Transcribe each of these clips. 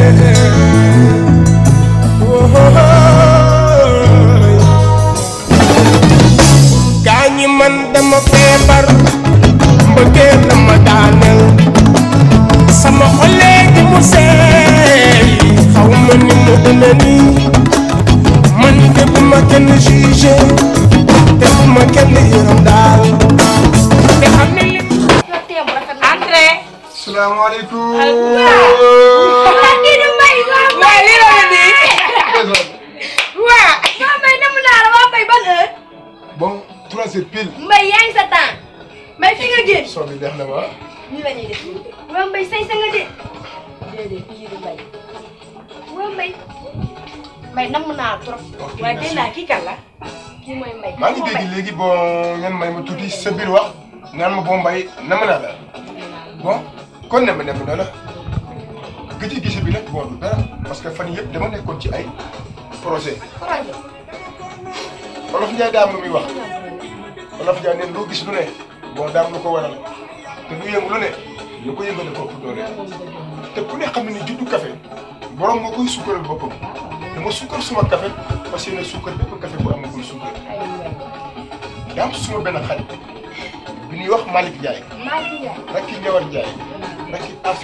yeah. Ulan bai sai sanga de. De de bai. Ulan bai. Mai nam na trop. Wa de na ki kala. Ki mai mai. Ma ngi degi legi bon ngeen may ma tuti sa bir wax. Nan ma bon bai nam na la. Bon kon nam nam na la. Gëti gisse bi nak bon du dara parce que fan yépp dama nekkon ci ay lu ko yëgale kooku doole te ku ne xam ne juddu café borom moo koy sukkaral boppam dama sukkar suma café parce que ne sukkar bépp café bu suma benn xarit bi ñuy wax Malick Ndiaye rakki Ndiawar Ndiaye rakki As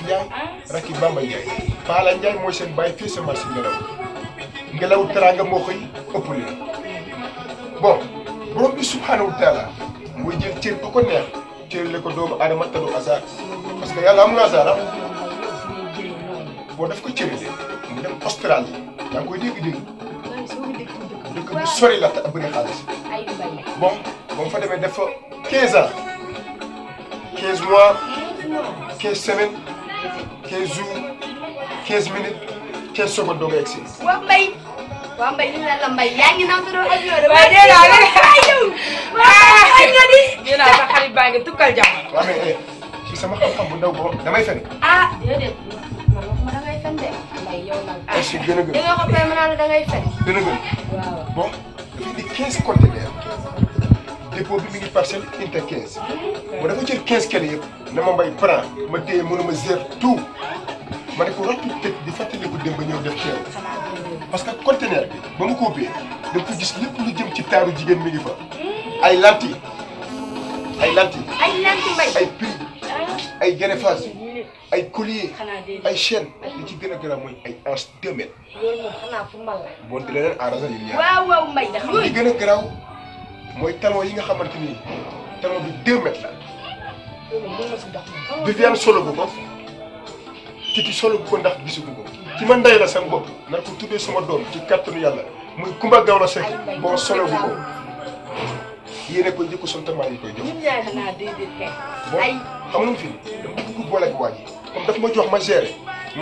Ndiaye fii semence si ngelaw ngelaw teraanga moo koy ëppale bon ko neex cër la ko doomu aadama tadu ne yàlla amul hasard boo def ko cëralee mu dem Australie yaa ngi koy dégg-dégg dëkk bu sori la te xaalis bon fa demee def fa 15 ans 15 mois 15 semaines 15 jours 15 minutes 15 secondes doo koy egg si. waaw Mbaye. waaw Mbaye la Mbaye yaa ngi naan sa doon avion de. waaw dee naa rek aywa. waaw aywa di. dee naa xarit baa ngi tukkal jàmm. ki sama kan kan budan ko da mai fen ah da da mama kuma da mai fen da mai yau nan ah shi gina gina dinga ko fa mana da mai fen gina gina bon di 15 conteneurs dépôt bi mi ngi parcelle inter 15 mo dafa jël 15 kene yëpp na ma mbay prend ma téye mënuma zéro tout ma ne ko rottu tëj di fàttaliku dem ba ñëw def teew parce que conteneur bi ba mu ko ubbee da ko gis lépp lu jëm ci taaru jigéen mi ngi fa ay lanti ay lanti ay lanti mbay ay prix ay gërëfaas ay collier ay chaîne li ci gën a gën a mooy ay anse deux mètres. loolu moom xanaa fu mbal gën a garaaw mooy talon yi nga xamante ni talon bi deux mètres la. loolu mën na si dox solo bu ko Titi solo bu ko ndax gisagu ko ci man ndey la seen bopp nar ko tuddee sama doom ci kàttanu yàlla muy Kumba Gawla Seck boo solo bu ko koy jëkku son tamaa koy jox. xam nga fi dama bëgg boole ak wàññi comme daf ma jox ma géré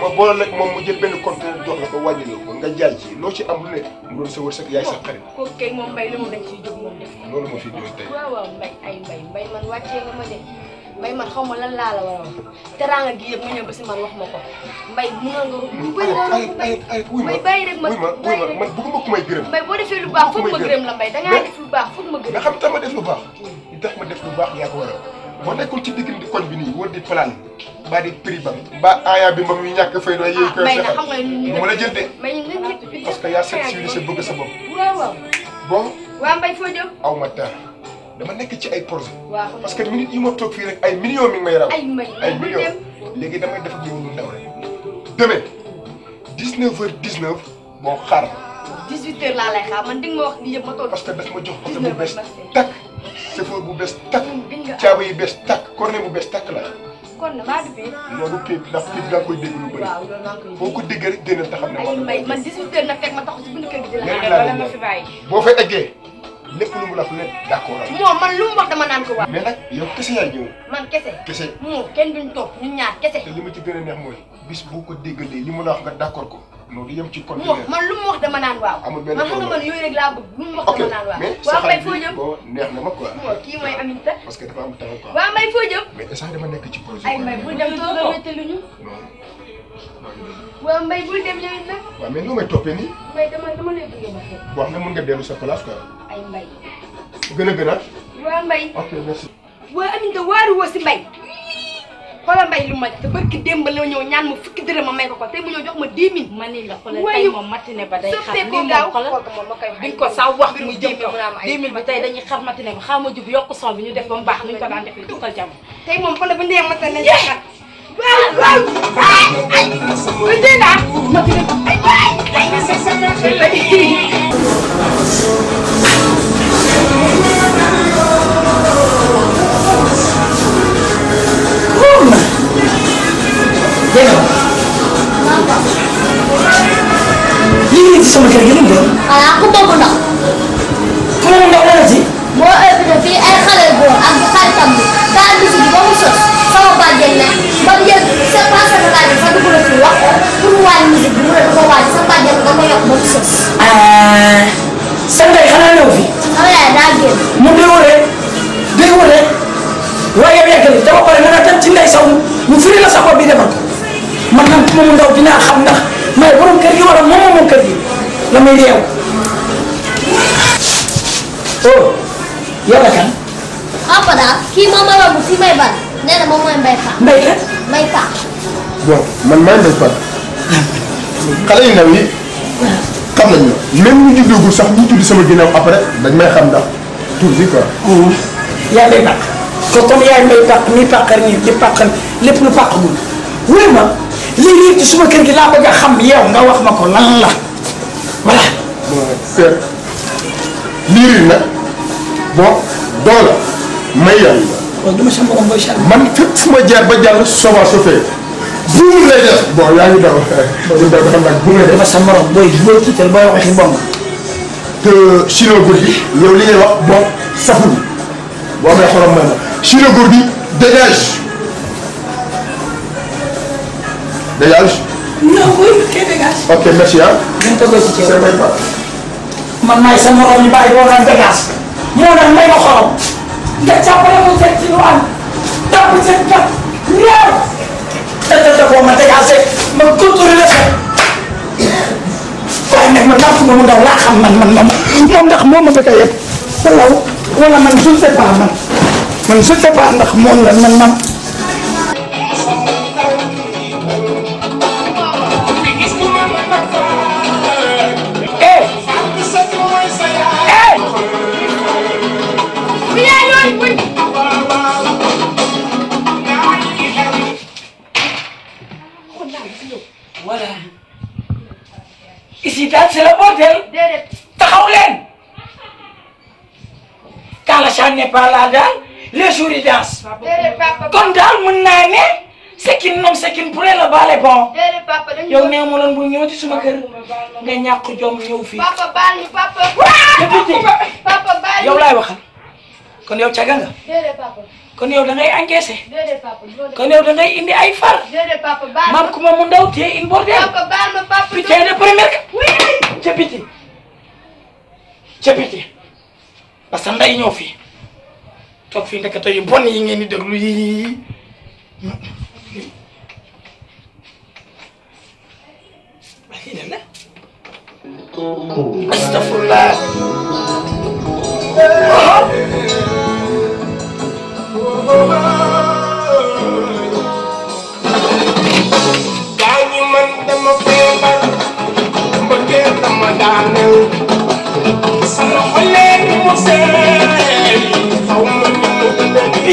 ma boole ak moom mu jël benn conteneur jox la ko wàññi la ko nga jaay ci loo ci am lu ne mu doon sa wërsëg yaay sa xarit. kooku kay moom mbay li mu dañ ciy jóg moom def loolu fi doon tey. waaw waaw mbay ay mbay mbay man wàccee nga ma de mbay man xaw lan laa la war a wax gi yëpp ma ñëw ba si man wax ma ko mbay mënoon nga lu bëri nga wax mbay mbay bàyyi rek ma bàyyi rek man bëgguma ku may lu baax ma la def lu baax ma nga xam def lu baax tax ma def lu baax ko mo nekul ci digg di koñ bi ni wër di plan ba di prix ba ba aya bi mbam yu ñak fay doy yooyu koy fexal ah, mo la jënde parce que ci seet civilisé bëgg sa bop bo wa mbay fo jëm aw ma ta dama nek ci ay projet parce que minute yi mo tok fi rek ay millions mi may raw ay millions léegi damay def ak yow ndaw rek demain 19 h 19 mo xaar 18 h la lay xaar man ding mo wax ni yëpp ma tok parce que daf ma jox ko que chauffeur bu bees takk caaba yi bees takk cornet bu bees takk la. kon na maa du pep. non du pep ndax pep daa koy dégg lu bëri. foo ko déggee rek génnal te xam ne. ay mbay man 18h na fekk ma taxaw si bunt kër gi di la. xaaral wala ma fi bàyyi. boo fa eggee lépp lu mu la fu ne d' accord am. moom man lu mu wax dama naan ko waaw. mais nag yow kese yaay ñëw. man kese. kese moom kenn duñ toog ñun ñaar kese. te li ma ci gën a neex mooy bis boo ko déggalee li mu la wax nga d' ko loolu yem ci conteneur man lu mu wax dama naan waaw. amul benn man xam man mu wax neex na ma quoi. kii mooy Aminta. parce que dafa am temps quoi. waaw Mbaye foo jëm. mais sax dama nekk ci projet. ay Mbaye bul dem toogal wétaluñu. waaw Mbaye bul dem ñëwit nag. mais nu may toppee nii. Mbaye dama dama lay bëggee ba xëy. boo xam nga dellu sa place quoi. gën a gën a. waaw Mbaye. ok waa Aminta waaru si Mbaye. xoolal mbay lu ma te barki démb la ñëw ñaan ma fukki ma may ko ko tey mu ñëw jox ma dix ma ni la xoolal tey moom matinée ba day xar lii moom xoolal duñ ko sax wax muy dix mille ñu def ba mu baax nuñ ko daan defee tukkal bu ñu nee matinée xar. waaw waaw ay ay bu dee naa matinée ay dégg nga lii ci sama kër gi lañ doon. voilà ku bëgg ndox. ku bëgg ndox la ci. moo invité fii ay xale góor ak bu xaritam bi daal di si ba mu sos sama bàjjen ne ba mu jël sa passé na laaj fa dugg la fii wax ko pour mu wàññi musique bi mu ne du ko wàññi sa bàjjen nga ko yokk ba mu sos. Euh, sa ndey xanaa ñëw fi. Ah sama yaay daa génn. mu dee wëree dee wëree waaye yow yeggali dama pare nga naan tam ci ndey saw mu firi la sa bopp bi demal ko. man nag ku ma mu ndaw dinaa xam ndax may borom kër gi wala moom moom kër gi la may réew. oh yàlla kan. papa ah, daal kii moom ma romb fii may bari nee na moom mooy mbay paa. mbay la mbay paa. bon man maa ngi lay far xale yu ndaw yi xam nañu ne même ñu juddoogul sax ñu tudd sama ginnaaw après dañ may xam ndax tur bi quoi. Hmm. yaa lay pàq. te comme yaay may pàq mi pàqal nii di pàqal lépp lu pàqagul wéy ma. lii riir ci suma kër gi laa bëgg a xam yow nga wax ma ko lan la voilà. seet lii riir nag bon doo la may yàlla. waaw du ma sa morom booy Charles. man fépp fu ma jaar ba jàll souvent su fee. buum lay def. bon yaa ngi daw bu daw dafa nag buum lay def. dama sa morom booy booy tiital booy waxi mbong. te sino góor gi yow li ngay wax bon saful boo amee xorom may ma sino góor gi dégage. la non oui kay dégage. ok merci ah. nañ ko ci ceeb man maay sa morom ñu bàyyi ko naan dégage. ñëw nag may ma xorom. nga jàppale ko teg ci lu am. tàpp seen kat. ñëw. tëjee ko ma ma contrôlé ko. waaye nag man naaf moomu daw laa xam man man man moom ndax ma bëgg a wala wala man je ne sais pas man. man je ne sais ndax bala daal les jours yi danse kon daal mën naa ne sekkin moom sekkin bu ne la baale bon yow nee ma bu ñëwati suma kër nga ñàkk jom ñëw fii. papa baal ñu papa. Ah! papa yow laay waxal kon yow caga nga. kon yow da ngay kon yow da indi ay far. maam kuma mu ndaw téye in bordel. papa baal ma papa putain ca biti ca biti parce que nday ñëw fii. toog fi ndekete yu bon yi ngeen di deglu yi astaghfirullah Oh,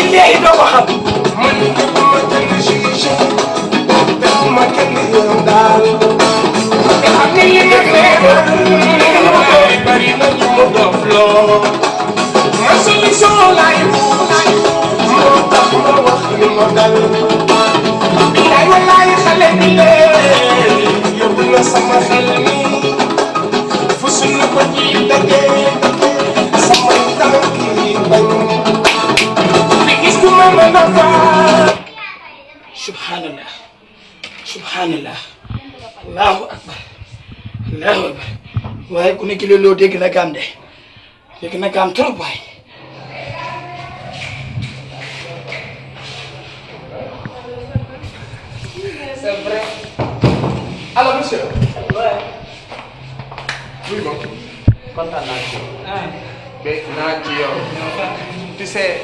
billahi doo ko xam. man ma jënd chiche def ma kenn yow daal. te xam ne li nga feebar waaye bari na ñu mu dof loo. ma solution laay moo tax ma wax li ma dal. billahi wallahi xale bi lee yóbbu na sama xel mi fu suñu ko ci dajee. subhanallah subhanallah allahu akbar allahu akbar waaye ku nekk loolu dégg na gaam de dégg na gaam trop waay c'est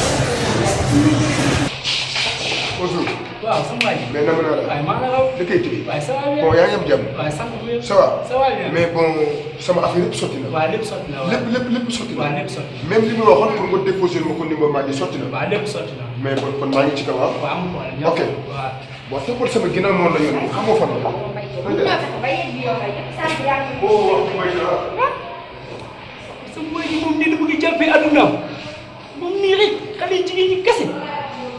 waaw sama waay mais nama naa la waaye maa ngi raw dëkkay tëye waaye ça va bon yaa ngi am jàmm waaye sant bi ça va ça va bien mais bon sama affaire yëpp sotti na waaw lépp sotti na lépp lépp lépp sotti na waaw lépp sotti na même li mu waxoon pour nga déposer ma ko numéro maa ngi sotti na waaw lépp sotti na mais bon kon maa ngi ci kaw ah waaw amul problème ok waaw bon toppal sama ginnaaw noonu la yoon xam nga fan la sa mbéy mi moom dina bëgg jàppee addunaam moom nii rek xale jigéen ñi kese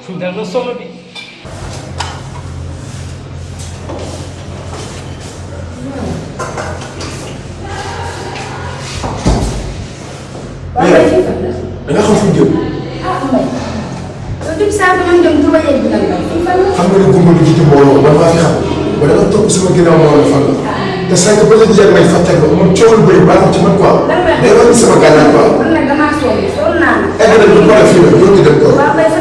suñu daal la sonn bi waaw da nga xam fu ñu jëm. ah Mbaye. loolu tamit saa ko doon dem du ma yegg lan la. xam nga ne gumba du jiitu mbooloo man maa fan la te sànq ba léegi yàgg may fàtte ko man coowal bëri baaxul ci man quoi. day wàññi sama gànnaar quoi. man nag damaa soobee sool naa la. egg nañ ko fii la dem quoi. waaw Mbaye sa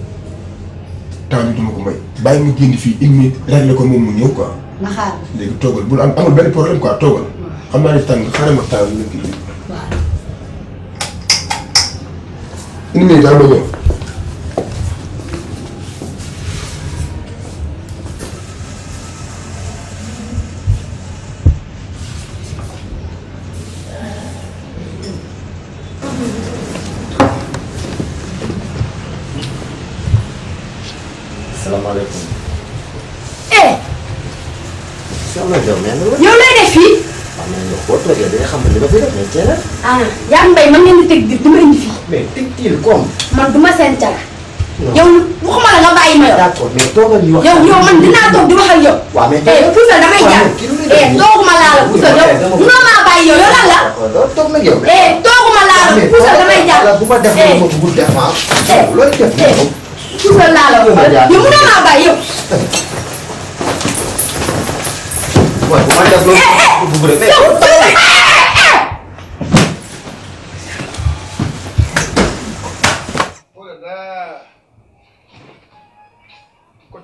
temps bi ma ko may bàyyi ma génn fii une minute réglé ko moom mu ñëw quoi. ma xaar léegi toogal bul am amul benn problème quoi toogal. xam naa ne tàng xaaral ma temps bi ñu ngi kii. waaw. une minute daal ma yow lay def fii. waaw mais nga xool rek yow xam li fi def mais cere. ah yaa ngi mbay man ngeen di teg diir di ma indi fii. mais teg diir comme. man du ma seen cara. yow waxuma la nga bàyyi ma yow. d'accord mais toogal ñu wax. yow toog di wax ak yow. waaw mais eh, puusal damay jaar. laa eh, la puusal yow. munoo maa toog nag laa eh, la ah, puusal damay jaar. bu ma def ma laa ah. la yow waaye bu ma tas loolu bu bëgg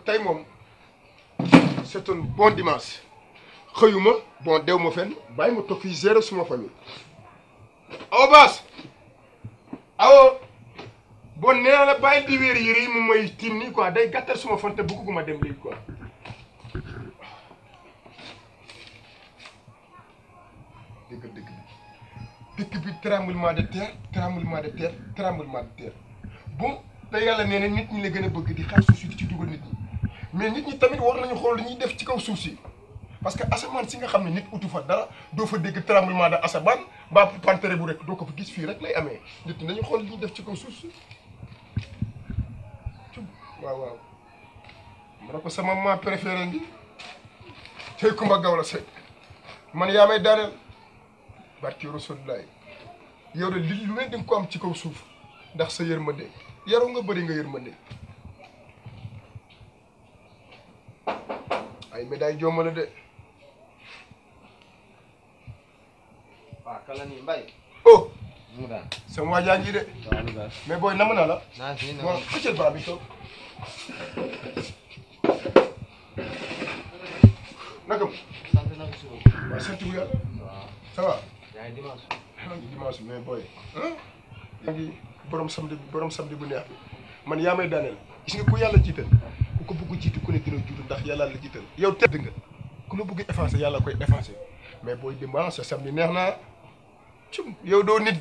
rek moom c'est bon dimanche xëyuma bon dew ma fenn bàyyi ma toog fii gérer suma famille aw baas awo bon nee naa la bàyyi di wéer yére yi mu may tiim nii quoi day gàttal suma fan te bëgguma dem léegi quoi deug deug bi dëkk bi tremblement de terre tremblement de terre tremblement de terre bon te yàlla nee na nit ñi la gën a bëgg di xaar suuf si di ci dugal nit ñi mais nit ñi tamit war nañu xool li ñuy def ci kaw suuf si parce que asamaan si nga xam ne nit utu fa dara doo fa dégg tremblement de asamaan mbaa pantere bu rek doo ko fa gis fii rek lay amee nit nañu xool li ñuy def ci kaw suuf si waaw waaw ma ne ko sama ma préféré ngi tey Kumba Gawla Seck man yaa may daaneel barki rasulullah yow de lu ne di ko am ci ko suuf ndax sa yermande yaru nga beuri nga yermande ay meday jomma de waa kala ni mbay oh sama waa jaa ngi de mais booy namm naa la waaw xëccal baa bi toog naka mu waaw sant bu yàlla ça va yaa ngi dimanche. yaa ngi dimanche mais booy. yaa ngi borom samedi borom samedi bu neex man yaa may daaneel gis nga ku yàlla jiital ku ko bëgg jiitu ku ne dina juutu ndax yàlla la jiital yow tedd nga ku la bëgg effacé yàlla koy effacé mais booy dimanche samedi neex na cum yow doo nit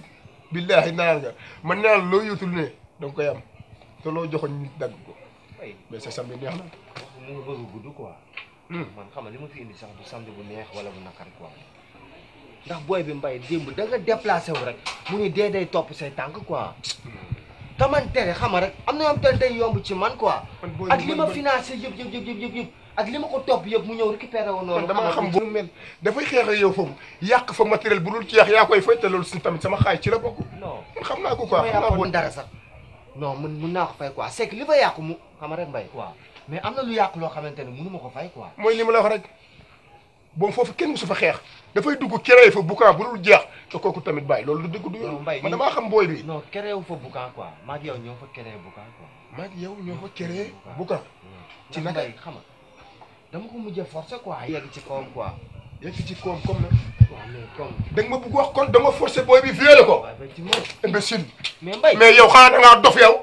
billaahi naan nga man nee loo yóotul ne danga koy am te loo joxoon nit dagg ko mais sa samedi neex na. mu ngi bëgg gudd quoi. Hmm. man xam li ma fi indi sax du samedi bu neex wala bu nakar quoi. ndax booy bi mbay démb da nga déplacé wu rek mu ni dee day topp say tànk quoi te man tere xam nga rek am na yoo xam day yomb ci man quoi. ak li ma financé yëpp yëpp yëpp yëpp yëpp ak li ma ko topp yëpp mu ñëw récupéré wu noonu. dama xam bu mel dafay xeex ak yow foofu yàq fa matériel bu dul ci yàq yaa koy fay te loolu si sama xaay ci la bokk. non xam naa ko quoi xam naa ko dara sax. non man mën naa ko fay quoi c'est que li fa mu xam nga mbay. waaw mais am na lu yàqu loo xamante ne mënu ma ko fay quoi. mooy li la wax rek. bom foofu kenn musu fa xeex dafay dugg créé fa boucan bu dul jeex te kooku tamit bàyyi loolu du dugg du yoon man damaa xam booy bi non créé wu fa boucan quoi maa ngi yow ñoo fa créé boucan quoi maa ngi yow ñoo fa créé boucan ci naka xam nga dama ko mujjee forcé quoi yegg ci koom quoi yegg ci koom comme na waaw mais comme da nga ma bëgg wax kon da nga forcé booy bi violé ko imbécile mais Mbaye mais yow xanaa da ngaa dof yow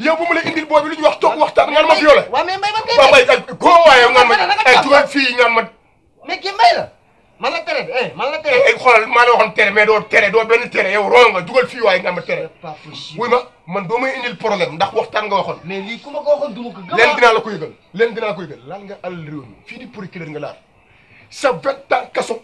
yow bu mu la indil booy bi lu ñu wax toog waxtaan nga ma violé waaw mais Mbaye man kay waaw Mbaye ay koo waaye nga ma ay tugal fii nga ma mais kii may la man la tere eh man la tere. Eh, eh, xoolal maa la waxoon tere mais doo tere doo benn tere yow roo nga dugal fii waaye nga ma tere. wuy ma man doo may indil problème ndax waxtaan nga waxoon. mais lii ku ma ko waxoon du ma ko gëm. leen dinaa la ko yëgal leen dinaa la ko yëgal laal nga àll réew mi fii di procureur nga laal sa vingt ans kaso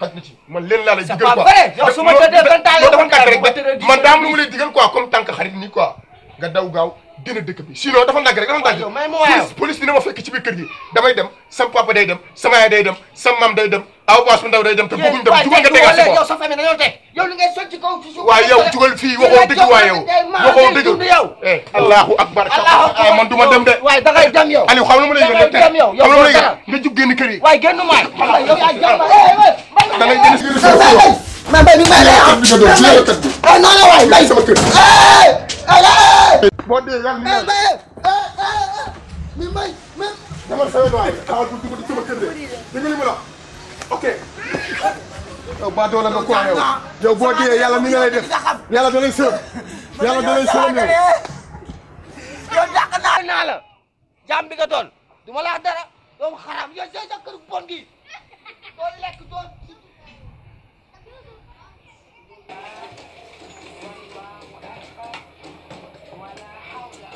xaj na ci man leen laa lay digal quoi. sa papa yow su ma jotee vingt ans yow dafa gàtt rek man daam lu ma lay digal quoi comme tant que xarit nii quoi. nga daw gaaw génn dëkk bi sinon dafa ndàgg rek dafa ndàgg. police dina ma fekk ci kër gi damay dem sam papa day dem sama yaay day dem sam maam day dem aw baas bu day dem te bëgguñ dem jugal nga tegaat si bopp yow sa famille dañoo teg yow li ngay sotti kaw ci suuf. waaw eh, allahu akbar ah man du ma de. waay da ngay dem yow Aliou xam nga lu ma lay yëg xam nga lu ma lay yëg nga jug génn kër yi. waay génn maay. maa béy bi may lay am ah non non waay béy boo dee yàlla ni mi may même. dama la sawee waay xaaral bu dugg sama kër de dégg nga li ma la ok. yow ba doole nga ko yow yow boo dee yàlla ni nga lay def yàlla da lay sërëm yàlla da lay sërëm yow.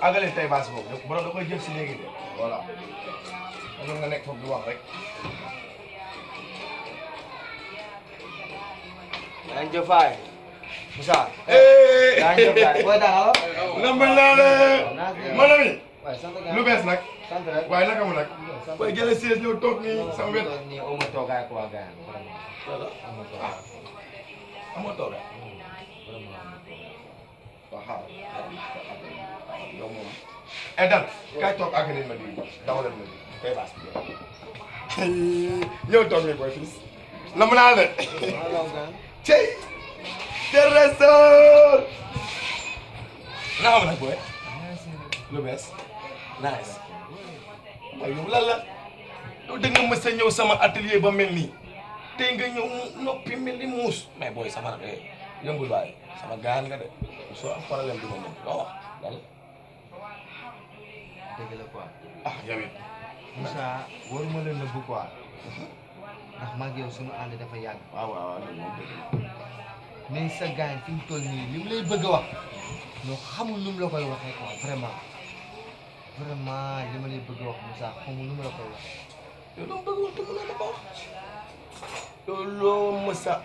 Agar tay masuk, boobu borom da koy jël gitu, léegi de voilà top nga nekk foofu di wax rek. yaa ngi jëf faay. Moussa. yaa ngi jëf lu bees nag. sama wet. nii au ma toogaay quoi gars yi. amoo yow moom et eh, dal kay toog àgg nañ ma di ma di kay baas bi ñëw toog nañ naa la cey booy lu bees nice waaye yow lan la yow sama atelier ba mel nii tey nga ñëw noppi mel ni muus mais booy sama eh, yëngul waaye sama gaan nga de soo am problème bi ma mel loo dëgg la quoi. ah yow it. Moussa waruma la nëbbu quoi. ndax mag yow suñu ànd dafa yàgg. waaw waaw waaw loolu moom dëgg la. mais sa gars fi mu toll nii li mu lay bëgg a wax. ñoo xamul nu koy waxee quoi vraiment. vraiment li mu la koy waxee. wax te mënoo ma ko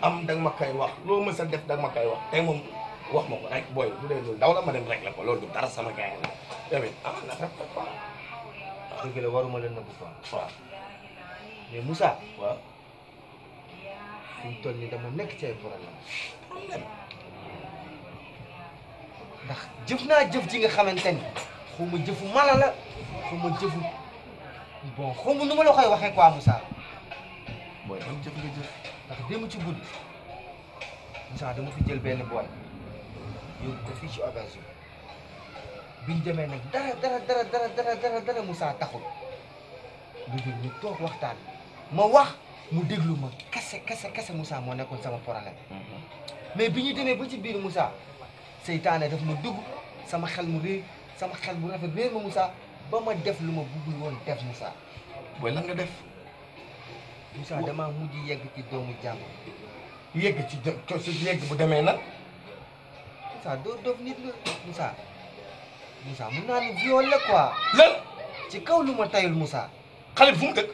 am da nga ma koy wax loo mës a def da nga ma koy wax tey moom. wax ma ko rek booy bu dee loolu ndaw la ma dem rek la ko loolu du tara sama gars yi la tamit ah na leen na bu quoi. waaw mais Moussa. waaw fi toll nii dama nekk ci ay problème ndax jëf naa jëf ji nga xamante ni xaw ma jëfu mala la xaw ma jëfu bon xaw ma nu ma la koy waxee quoi Moussa. booy ban jëf nga jëf. ndax démb ci guddi Moussa dama fi jël benn booy. yóbbu ko fii ci occasion bi ñu demee nag dara dara dara dara dara dara dara Moussa ñu toog waxtaan ma wax mu déglu ma kese kase kese Moussa moo nekkoon sama problème mm-hmm. mais bi ñu demee ba ci biir musaa seytaane daf ma dugg sama xel mu réer sama xel bu rafet réer ma Moussa ba ma def lu ma buggul woon def Moussa. booy lan nga def. Moussa damaa mujj yegg ci doomu jàmm yegg ci jë yegg bu demee nag. Moussa doo dof la mun naa ni viol la quoi. lan. ci kaw lu ma tayul Moussa. xale bi fu mu dëkk.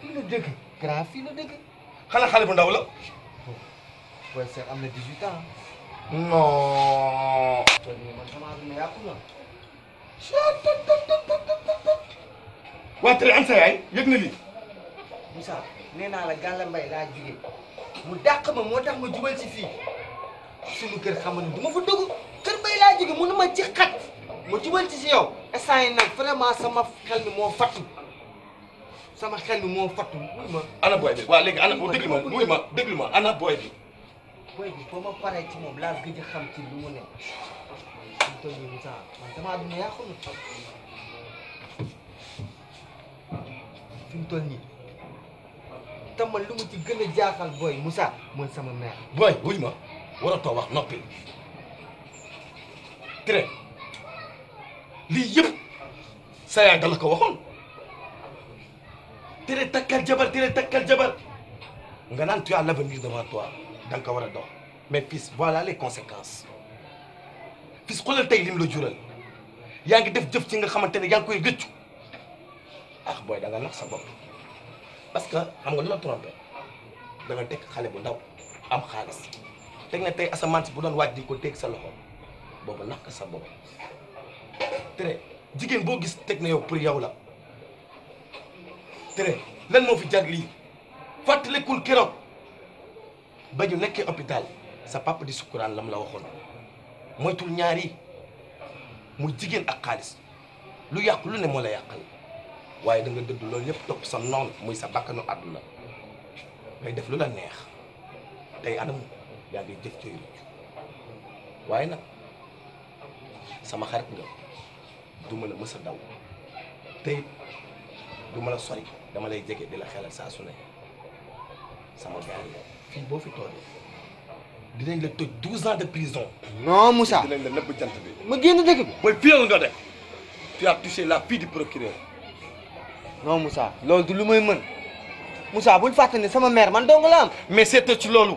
fii la dëkk grand fii la dëkk. xanaa xale bu ndaw la. booy seet am na 18 ans. non. tool na. waa télé am sa yëg na lii. Moussa nee naa la Galla Mbaye laa jugee mu dàq ma moo tax ma jubal ci suñu kër xamal ni du ma fa dugg kër bay laa jóge mënu ma ci xat ma jubal ci si yow instant yi nag vraiment sama xel mi moo fattu sama xel mi moo fattu muy ma. ana booy bi waaw léegi ana déglu ma muy bi. booy bi boo ma paree ci moom laa gëj a xam ci lu mu ne. suñu tool yi man damaa dund yàqu na. fi mu toll nii te man lu mu ci gën a jaaxal booy Moussa mooy sama mère. booy wuy ma. waratoo wax noppi Touré lii yëpp sa yaay la ko waxoon Touré takkal jabar Touré takkal jabar nga naan tu as la devant toi da danga ko war a dox mais fils voilà les conséquences fils xoolal tey lim la yaa ngi def jëf ci nga xamante ne yaa ngi koy rëccu ah booy da nga nax sa bopp parce que xam nga lu la trompé da nga xale bu ndaw am xaalis. teg na tey asamaan si bu doon waaj di ko teg sa loxo boobu nax sa bopp tere jigéen boo gis teg na yow pour yow la tere lan moo fi jar lii fàttalikul keroog ba ñu nekkee hôpital sa papa di sukkuraan lam la waxoon moytul ñaar yi muy jigéen ak xaalis lu yàq lu ne moo la yàqal waaye da nga dëdd loolu yëpp topp sa noon muy sa bakkanu àdduna ngay def lu la neex tey anam yaa ngi jëf cay waaye nag sama xarit nga du ma la mës a daw tey du ma la sori dama lay jege di la xelal saa su ne sama gars yi fii boo fi toogee dinañ la toj douze ans de prison. non Moussa dinañ la nëbb jant bi. ma génn dëkk bi. mooy nga def. tu la fille du procureur. non Moussa loolu lu may mën Moussa bul fàttali sama mère man dong la am. mais seetal ci loolu.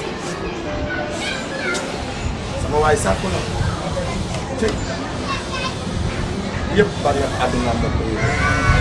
nga waaye sàkku na te yëpp bari na àdduna am na ko